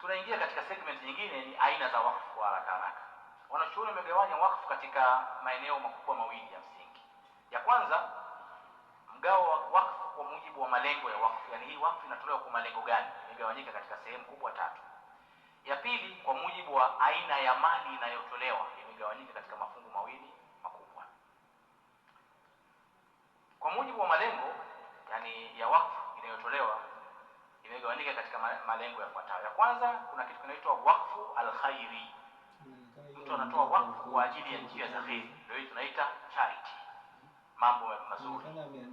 Tunaingia katika segment nyingine, ni aina za wakfu. Kwa haraka haraka, wanachuoni wamegawanya wakfu katika maeneo makubwa mawili ya msingi. Ya kwanza, mgao wa wakfu kwa mujibu wa malengo ya wakfu, yani hii wakfu inatolewa kwa malengo gani, imegawanyika katika sehemu kubwa tatu. Ya pili, kwa mujibu wa aina ya mali inayotolewa, imegawanyika katika mafungu mawili makubwa. Kwa mujibu wa malengo yani ya wakfu inayotolewa imegawanyika katika malengo yafuatayo. Ya kwanza, kuna kitu kinaitwa wakfu alkhairi. Mtu anatoa wakfu kwa ajili ya njia za kheri, ndio hii tunaita charity, mambo mazuri.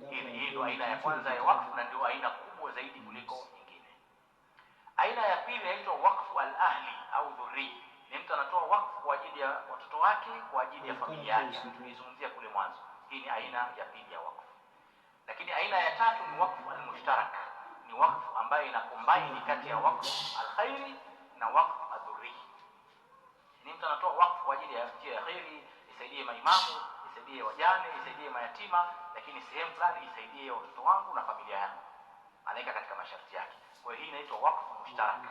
Hii ndio aina ya kwanza ya wakfu na ndio aina kubwa zaidi kuliko nyingine. Aina ya pili inaitwa wakfu alahli au dhuri, ni mtu anatoa wakfu kwa ajili ya watoto wake, kwa ajili ya familia yake. Tulizungumzia kule mwanzo. Hii ni aina ya pili ya wakfu, lakini aina ya tatu ni wakfu almushtarak ni wakfu ambayo inakombaini kati ya wakfu alkhairi na wakfu adhurri. Ni mtu anatoa wakfu kwa ajili ya njia ya khairi, isaidie maimamu, isaidie wajane, isaidie mayatima, lakini sehemu fulani isaidie watoto wangu na familia yangu, anaweka katika masharti yake. Kwa hiyo hii inaitwa wakfu mushtarak,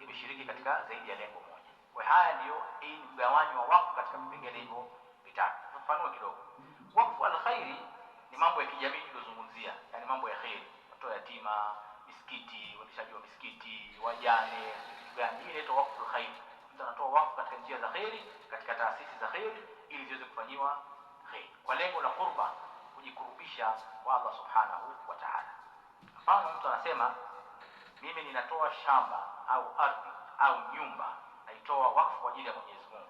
imeshiriki katika zaidi ya lengo moja. Kwa haya ndiyo, hii ni mgawanyo wa wakfu katika vipengele hivyo vitatu. Tufafanue kidogo. Wakfu alkhairi ni mambo ya kijamii tuliyozungumzia, yani mambo ya khairi, watoa yatima misikiti, uendeshaji wa misikiti, wajane, kitu gani. Hii inaitwa wakfu khair. Mtu anatoa wakfu katika njia za khair, katika taasisi za khair, ili ziweze kufanyiwa khair kwa lengo la kurba, kujikurubisha kwa Allah subhanahu wa ta'ala. Mfano, mtu anasema mimi ninatoa shamba au ardhi au nyumba, naitoa wakfu kwa ajili ya Mwenyezi Mungu,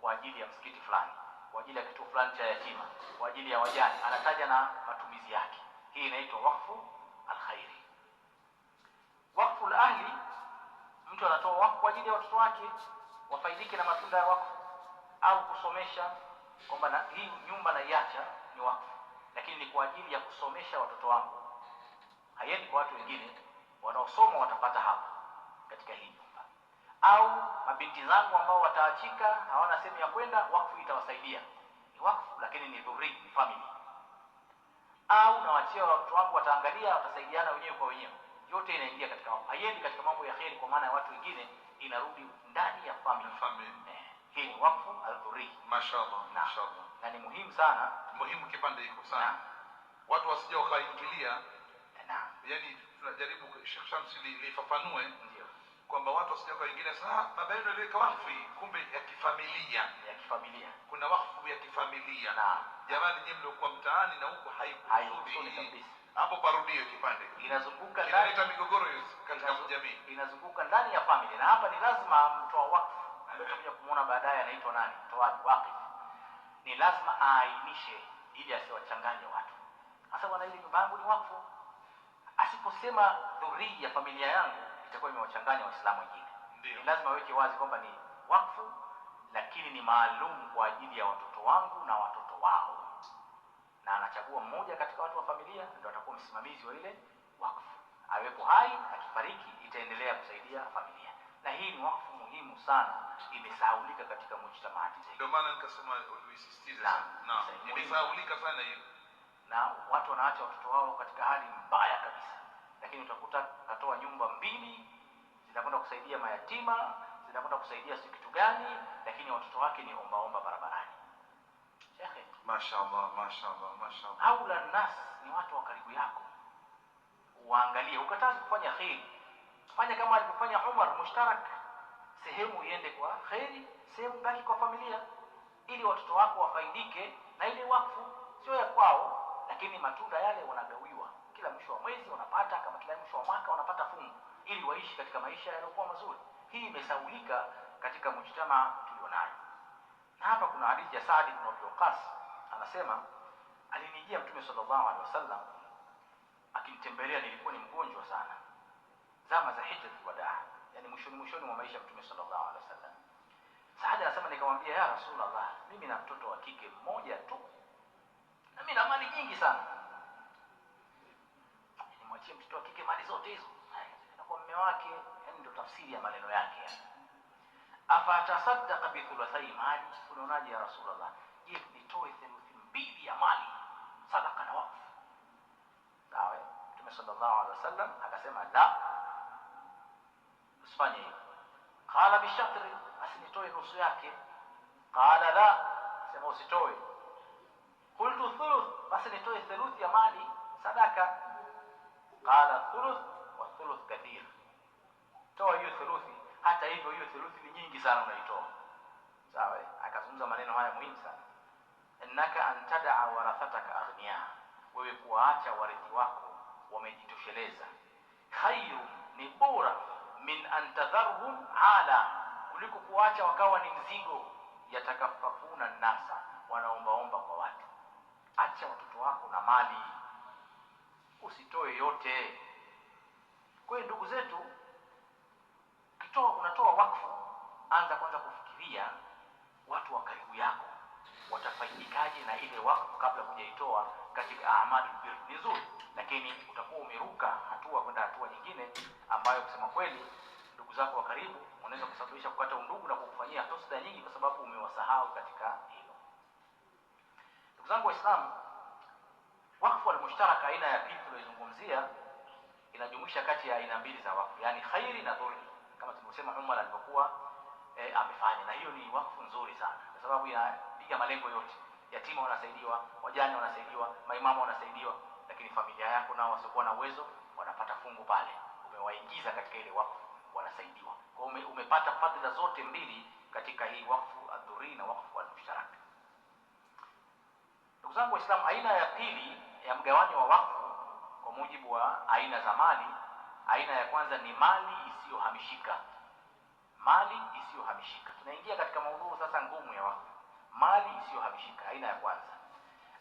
kwa ajili ya msikiti fulani, kwa ajili ya kitu fulani cha yatima, kwa ajili ya wajane, anataja na matumizi yake. Hii inaitwa wakfu alkhairi. mtu anatoa wakfu kwa ajili ya watoto wake wafaidike na matunda ya wakfu, au kusomesha kwamba na hii nyumba naiacha ni wakfu, lakini ni kwa ajili ya kusomesha watoto wangu, haiendi kwa watu wengine, wanaosoma watapata hapa katika hii nyumba. Au mabinti zangu ambao wataachika hawana sehemu ya kwenda, wakfu itawasaidia, ni wakfu, lakini ni dhuri, ni family. Au nawachia watoto wangu, wataangalia, watasaidiana wenyewe kwa wenyewe yote inaingia katika mambo, haiendi katika mambo ya kheri kwa maana ya watu wengine, inarudi ndani ya family. Eh, hii ni wakfu aldhuri. Mashaallah, mashaallah, na ni muhimu sana, muhimu kipande hiko sana, watu wasije wakaingilia. Yani tunajaribu Sheikh Shamsi lifafanue kwamba watu wasije wakaingilia, sasa ah, baba yenu aliweka wakfu kumbe ya kifamilia, ya kifamilia, kuna wakfu ya kifamilia. Jamani, nyinyi mliokuwa mtaani na huko haikuhusuni kabisa hapo parudio kipande, inazunguka ndani, inaleta migogoro hiyo katika jamii, inazunguka ndani ya family. Na hapa ni lazima mtoa wakfu ambaye kumuona baadaye anaitwa nani, mtoaji wakfu, ni lazima aainishe ili asiwachanganye watu, hasa bwana, ile nyumba yangu ni wakfu. Asiposema dhurii ya familia yangu itakuwa imewachanganya Waislamu wengine. Ni lazima aweke wazi kwamba ni wakfu, lakini ni maalum kwa ajili ya watoto wangu na watoto wao na anachagua mmoja katika watu wa familia ndio atakuwa msimamizi wa ile wakfu, awepo hai, akifariki itaendelea kusaidia familia. Na hii ni wakfu muhimu sana, imesahaulika katika mujtamaati zetu. Ndio maana nikasema ulisisitiza sana, imesahaulika sana hiyo, na watu wanaacha watoto wao katika hali mbaya kabisa, lakini utakuta katoa nyumba mbili zinakwenda kusaidia mayatima, zinakwenda kusaidia si kitu gani, lakini watoto wake ni ombaomba barabarani. Mashallah, mashallah, mashallah. Aula nas ni watu wa karibu yako, waangalie. Ukataka kufanya kheri, fanya kama alivyofanya Umar, mushtarak, sehemu iende kwa kheri, sehemu baki kwa familia, ili watoto wako wafaidike na ile wakfu, sio ya kwao, lakini matunda yale wanagawiwa kila mwisho wa mwezi, wanapata kama kila mwisho wa mwaka wanapata fungu, ili waishi katika maisha yaliyokuwa mazuri. Hii imesaulika katika mujtamaa tulionayo, na hapa kuna hadithi ya Saad ibn Abi Waqqas anasema alinijia Mtume sallallahu alaihi wasallam akinitembelea, nilikuwa ni mgonjwa sana zama za hijjatul wada yani mwishoni mwishoni mwa maisha Mtume sallallahu alaihi wasallam. Saada anasema nikamwambia, ya Rasulullah, mimi na mtoto wa kike mmoja tu na mimi na mali nyingi sana, nimwachie mtoto wa kike mali zote hizo na kwa mume wake? Yani ndio tafsiri ya maneno yake afa tasaddaq bi thuluthai mali, unaonaje ya Rasulullah? Je, nitoe bibi ya mali sadaka na wakfu. Sawa, Mtume sallallahu alaihi wasallam akasema la, usifanye hivyo. Qala bishatri, asinitoe nusu yake. Qala la, sema usitoe. Qultu thuluth, basi nitoe thuluthi ya mali sadaka. Qala thuluth wa thuluth kathir, toa hiyo thuluthi. Hata hivyo hiyo thuluthi ni nyingi sana unaitoa. Sawa, akazungumza maneno haya muhimu sana innaka antadaa warathataka aghnia, wewe kuwaacha warithi wako wamejitosheleza. Khairu ni bora min antadharhum ala, kuliko kuwaacha wakawa ni mzigo. Yatakafafuna nasa, wanaombaomba kwa watu. Acha watoto wako na mali, usitoe yote. Kwa hiyo ndugu zetu, kitoa unatoa wakfu, anza kwanza kufikiria watu wa karibu yako watafaidikaje na ile wakfu kabla kujaitoa katika amali bir nzuri, lakini utakuwa umeruka hatua kwenda hatua nyingine ambayo kusema kweli ndugu zako wa karibu unaweza kusababisha kukata undugu na kukufanyia tosda nyingi, kwa sababu umewasahau katika hilo. Ndugu zangu waislam wakfu almushtaraka aina ya pili tuliyozungumzia inajumuisha kati ya aina mbili za wakfu, yani khairi na dhulmi kama tulivyosema Umar alivyokuwa e, amefanya, na hiyo ni wakfu nzuri sana kwa sababu ya kufikia malengo yote. Yatima wanasaidiwa, wajane wanasaidiwa, maimamu wanasaidiwa, lakini familia yako nao wasiokuwa na uwezo wanapata fungu pale, umewaingiza katika ile wakfu, wanasaidiwa. Kwa hiyo umepata fadhila zote mbili katika hii wakfu adhuri na wakfu mushtarak. Ndugu zangu Waislamu, aina ya pili ya mgawanyo wa wakfu kwa mujibu wa aina za mali, aina ya kwanza ni mali isiyohamishika. Mali isiyohamishika, tunaingia katika maudhuru sasa ngumu ya wakfu mali isiyohamishika, aina ya kwanza.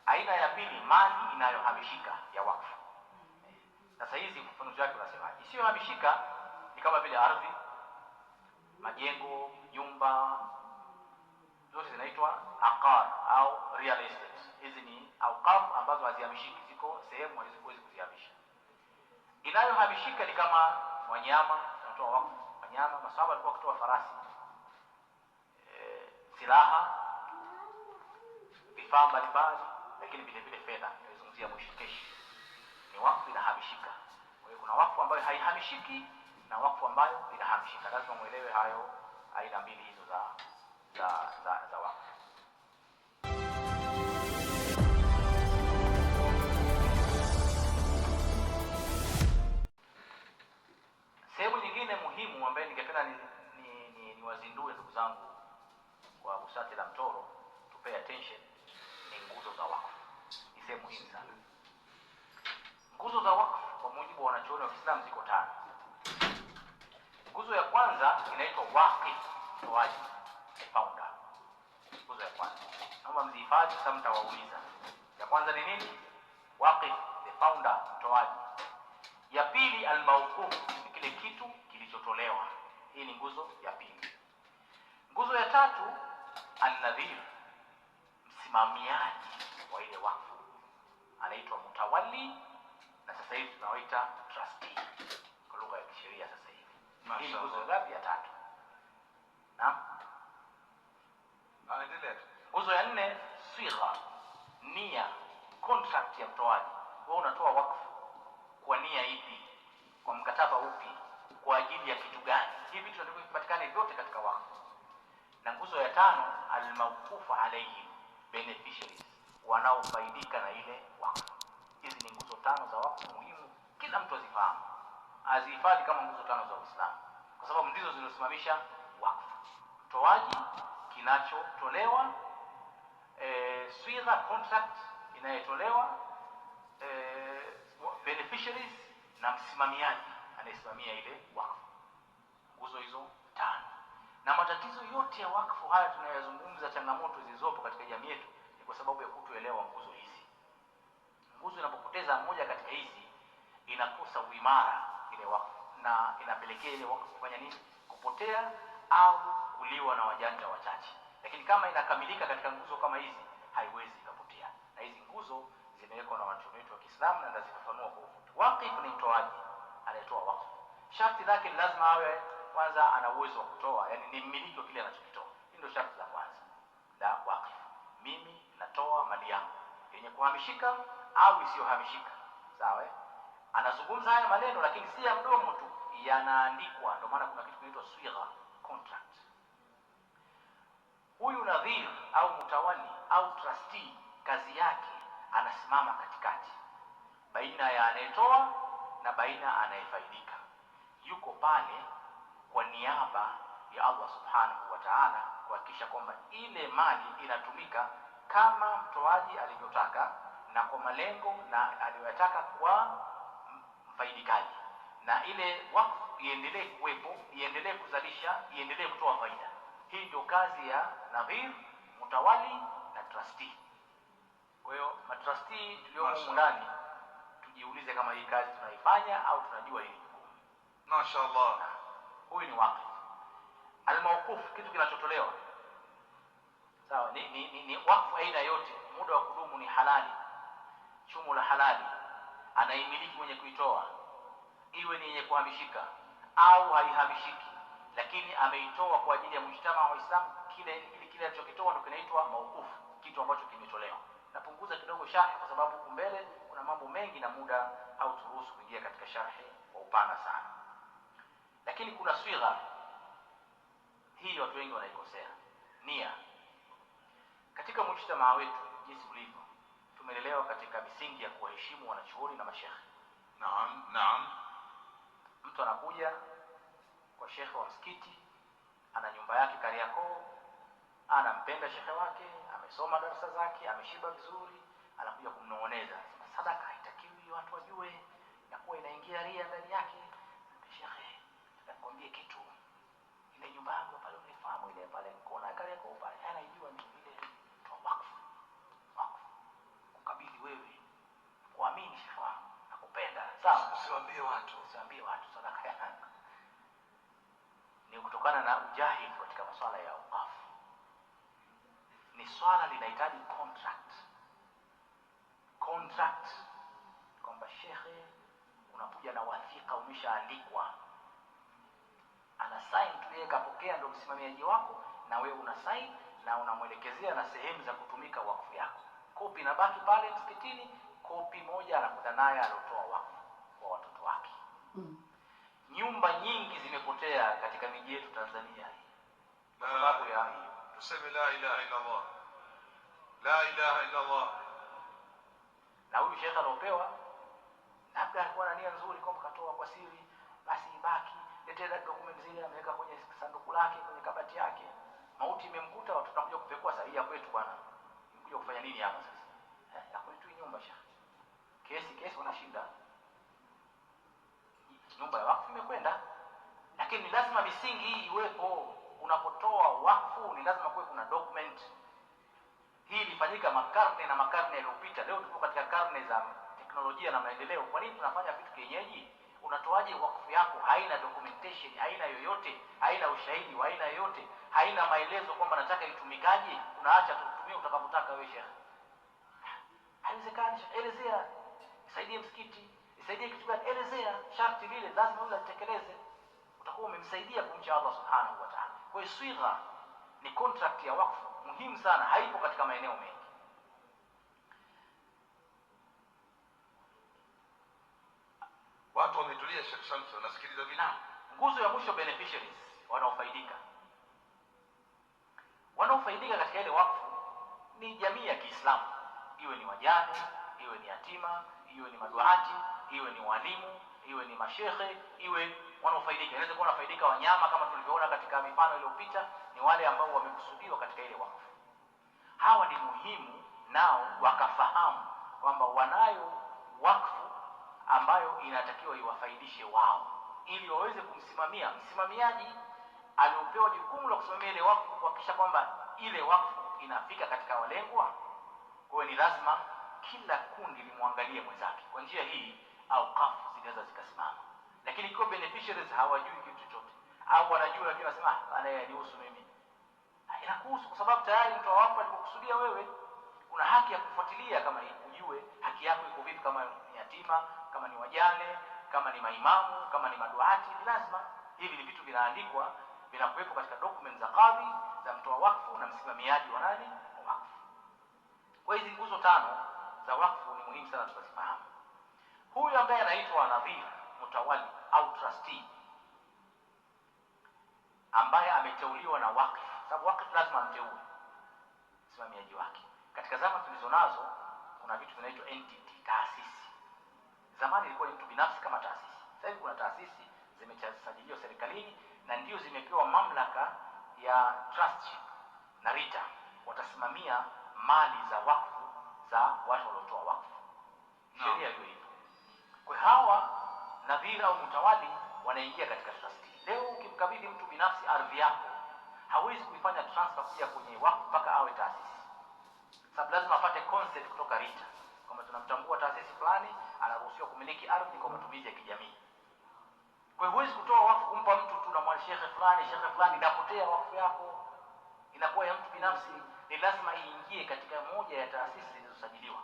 Aina ya pili, mali inayohamishika ya wakfu. Sasa hizi ufafanuzi wake unasema isiyohamishika ni kama vile ardhi, majengo, nyumba, zote zinaitwa aqar au real estate. Hizi ni auqaf ambazo hazihamishiki, ziko sehemu haziwezi kuzihamisha. Inayohamishika ni kama wanyama, tunatoa wakfu wanyama. masaba walikuwa wakitoa farasi, e, silaha vifaa mbalimbali, lakini vile vile fedha. Nimezungumzia mushikeshi, ni wakfu inahamishika. Kwa hiyo kuna wakfu ambayo haihamishiki na wakfu ambayo inahamishika. Lazima muelewe hayo aina mbili hizo za za za, za wakfu. founder mtoaji. Ya pili almaukufu ni kile kitu kilichotolewa. Hii ni nguzo ya pili. Nguzo ya tatu annadhir, msimamiaji wa ile wakfu anaitwa mutawali, na sasa hivi tunawaita trustee kwa lugha ya kisheria. Sasa hivi hii nguzo ngapi? Ya tatu. Naam, nguzo ya nne sigha, nia, contract ya mtoaji wewe unatoa wakfu kwa nia ipi? Kwa mkataba upi? Kwa ajili ya kitu gani? Hivi vitu ndivyo vipatikane vyote katika wakfu. Na nguzo ya tano, almawqufu alayhi beneficiaries, wanaofaidika na ile wakfu. Hizi ni nguzo tano za wakfu muhimu, kila mtu azifahamu, azihifadhi kama nguzo tano za Uislamu, kwa sababu ndizo zinasimamisha wakfu: toaji kinachotolewa, e, eh, swira contract inayotolewa eh, beneficiaries na msimamiaji anayesimamia ile wakfu, nguzo hizo tano. Na matatizo yote ya wakfu haya tunayazungumza, changamoto zilizopo katika jamii yetu ni kwa sababu ya kutoelewa nguzo hizi. Nguzo inapopoteza moja katika hizi inakosa uimara ile wakfu, na inapelekea ile wakfu kufanya nini? Kupotea au kuliwa na wajanja wachache. Lakini kama inakamilika katika nguzo kama hizi, haiwezi ikapotea, na hizi nguzo zimewekwa na wanachuoni wetu wa Kiislamu na nazifafanua kwa ufupi. Waqif ni mtoaji, anayetoa waqf. Sharti lake ni lazima awe kwanza ana uwezo wa kutoa, yani ni mmiliki wa kile anachokitoa. Hii ndio sharti la kwanza la waqif, Mimi natoa mali yangu yenye kuhamishika au isiyohamishika, sawa eh? Anazungumza haya maneno lakini si ya mdomo tu, yanaandikwa. Ndio maana kuna kitu kinaitwa swigha contract. Huyu nadhiri au mutawali au trustee kazi yake anasimama katikati baina ya anayetoa na baina anayefaidika, yuko pale kwa niaba ya Allah subhanahu wa ta'ala, kuhakikisha kwamba ile mali inatumika kama mtoaji alivyotaka na kwa malengo na aliyoyataka kwa mfaidikaji, na ile wakfu iendelee kuwepo, iendelee kuzalisha, iendelee kutoa faida. Hii ndio kazi ya nadhir, mutawali na trustee. Kwa hiyo matrustee tuliomo ndani tujiulize kama hii kazi tunaifanya au tunajua hili jukumu. Mashaallah, huyu ni wakfu. Almawqufu kitu kinachotolewa sawa, ni, ni, ni, ni wakfu aina yote, muda wa kudumu ni halali, chumo la halali, anaimiliki mwenye kuitoa, iwe ni yenye kuhamishika au haihamishiki, lakini ameitoa kwa ajili ya mujtamaa wa Uislamu. Kile kile alichokitoa ndio kinaitwa mawqufu, kitu ambacho kimetolewa napunguza kidogo sharhi kwa sababu huku mbele kuna mambo mengi na muda au turuhusu kuingia katika sharhi kwa upana sana, lakini kuna swigha hii watu wengi wanaikosea nia. Katika mujtamaa wetu jinsi ulivyo, tumelelewa katika misingi ya kuwaheshimu wanachuoni na mashekhe. Naam, naam. Mtu anakuja kwa shekhe wa msikiti, ana nyumba yake Kariakoo anampenda shekhe wake, amesoma darasa zake, ameshiba vizuri, anakuja kumnong'oneza. Sadaka haitakiwi watu wajue, inakuwa inaingia ria ndani yake. Shekhe, nakwambie kitu, ile nyumba yangu pale unifahamu, ile pale mkona kale kwa upale, anaijua yaani ni ile kwa wakfu wakfu, kukabidhi wewe, kuamini shekhe wangu, nakupenda sawa, usiwaambie watu, usiwaambie watu sadaka yangu. Ni kutokana na ujahili katika masuala ya wakfu ni swala linahitaji contract contract, kwamba shekhe, unakuja na wathika umeshaandikwa, ana sign tu yeye, kapokea, ndio msimamiaji wako, na wewe una sign na unamwelekezea na sehemu za kutumika wakfu yako. Kopi inabaki pale msikitini, kopi moja anakuta naye aliotoa wakfu kwa watoto wake. Mm. Nyumba nyingi zimepotea katika miji yetu Tanzania ah. kwa sababu ya Tuseme la ilaha illa Allah, la ilaha illa Allah. Na huyu shekhe aliopewa labda alikuwa na nia nzuri, kwamba katoa kwa siri, basi ibaki letela dokumenti zile, ameweka kwenye sanduku lake, kwenye kabati yake. Mauti imemkuta, watu tunakuja kupekua sahihi ya kwetu. Bwana kuja kufanya nini hapa sasa? Eh, ya kwetu nyumba, shekhe, kesi kesi, unashinda nyumba ya wakfu imekwenda, lakini lazima misingi hii iwepo unapotoa wakfu ni lazima kuwe kuna document. Hii ilifanyika makarne na makarne yaliyopita. Leo tuko katika karne za teknolojia na maendeleo. Kwa nini tunafanya vitu kienyeji? Unatoaje wakfu yako? Haina documentation, haina yoyote, haina ushahidi wa aina yoyote, haina maelezo kwamba nataka itumikaje. Unaacha tutumie utakapotaka wewe, shekhe. Haiwezekani. Elezea, saidie msikiti, saidie kitu gani? Elezea sharti lile, lazima ule atekeleze, utakuwa umemsaidia kumcha Allah subhanahu wa ta'ala. Kwa hiyo swigha ni contract ya wakfu muhimu sana, haipo katika maeneo mengi. Watu wametulia, Sheikh Samson, nasikiliza Nguzo ya mwisho beneficiaries, wanaofaidika wanaofaidika katika ile wakfu ni jamii ya Kiislamu, iwe ni wajane, iwe ni yatima, iwe ni maduati, iwe ni walimu iwe ni mashehe, iwe wanaofaidika. Inaweza kuwa wanafaidika wanyama, kama tulivyoona katika mifano iliyopita, ni wale ambao wamekusudiwa katika ile wakfu. Hawa ni muhimu nao wakafahamu kwamba wanayo wakfu ambayo inatakiwa iwafaidishe wao, ili waweze kumsimamia msimamiaji aliopewa jukumu la kusimamia ile wakfu, kuhakikisha kwamba ile wakfu inafika katika walengwa. Kwa hiyo ni lazima kila kundi limwangalie mwenzake. Kwa njia hii kafu zingeweza zikasimama, lakini kwa beneficiaries hawajui kitu chochote, au wanajua lakini wanasema ah, anayenihusu mimi. Inakuhusu kwa sababu tayari mtu wako alikukusudia wewe. Una haki ya kufuatilia kama hii, ujue haki yako iko vipi, kama ni yatima, kama ni wajane, kama ni maimamu, kama ni maduati. Ni lazima hivi, ni vitu vinaandikwa, vinakuwepo katika document za kadhi za mtoa wakfu na msimamiaji wa nani wa wakfu. Kwa hizi nguzo tano za wakfu ni muhimu sana tukazifahamu huyu ambaye anaitwa nadhir mtawali au trustee ambaye ameteuliwa na wakfu, sababu wakfu lazima amteue msimamiaji wake. Katika zama tulizo nazo kuna vitu vinaitwa entity, taasisi. Zamani ilikuwa ni mtu binafsi kama taasisi, sasa hivi kuna taasisi zimesajiliwa serikalini na ndio zimepewa mamlaka ya trustship na RITA, watasimamia mali za wakfu za watu waliotoa wakfu. Sheria hiyo kwa hawa nadhira au mtawali wanaingia katika trust. Leo ukimkabidhi mtu binafsi ardhi yako, hawezi kuifanya transfer kuja kwenye wakfu mpaka awe taasisi, sababu lazima apate consent kutoka RITA kwamba tunamtambua taasisi fulani, anaruhusiwa kumiliki ardhi kwa matumizi ya kijamii. Kwa hiyo huwezi kutoa wakfu kumpa mtu tu, na shekhe fulani, shekhe fulani, inapotea wakfu yako, inakuwa ya mtu binafsi. Ni lazima iingie katika moja ya taasisi zilizosajiliwa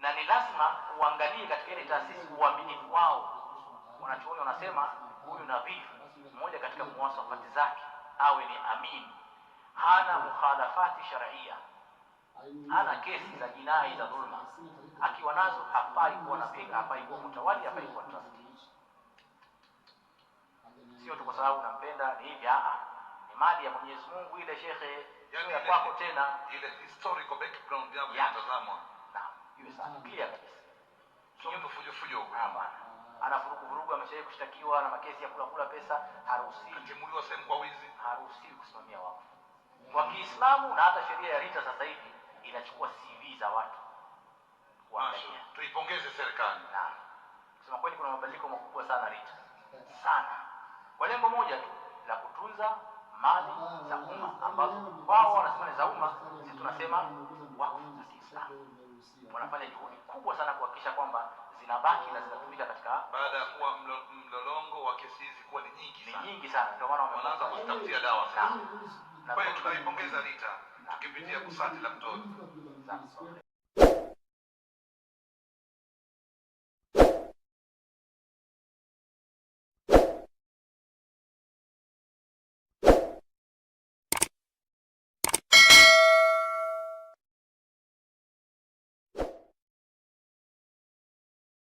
na ni lazima uangalie katika ile taasisi uaminifu wao. Wanachuoni wanasema huyu nadhifu, mmoja katika muwasafati zake awe ni amin, hana mukhalafati sharia, hana kesi za jinai za dhulma. Akiwa nazo hafai kuwa napiga, hafai kuwa mtawali, hafai kuwa trustee. Sio tu kwa sababu nampenda ni hivi, ah, ni mali ya Mwenyezi Mungu ile shekhe, yaani ya kwako tena, ile historical background yako inatazamwa iwe kabisa, kinyume fujo fujo huko hapa ana vurugu vurugu, ameshawahi kushtakiwa na makesi ya kula kula pesa, haruhusiwi kutimuliwa sehemu kwa wizi, haruhusiwi kusimamia wakfu kwa Kiislamu, na hata sheria ya RITA sasa hivi inachukua CV za watu kuangalia. Tuipongeze serikali na kusema kweli, kuna mabadiliko makubwa sana RITA sana, kwa lengo moja tu la kutunza mali za umma ambazo wao wanasema za umma, sisi tunasema wakfu za Kiislamu wanafanya juhudi kubwa sana kuhakikisha kwamba zinabaki na zinatumika katika baada ya kuwa mlolongo wa kesi hizi kuwa ni nyingi sana, ni nyingi sana, ndio maana wameanza kutafutia dawa sasa. Kwa hiyo tunaipongeza RITA tukipitia kusati la mtoto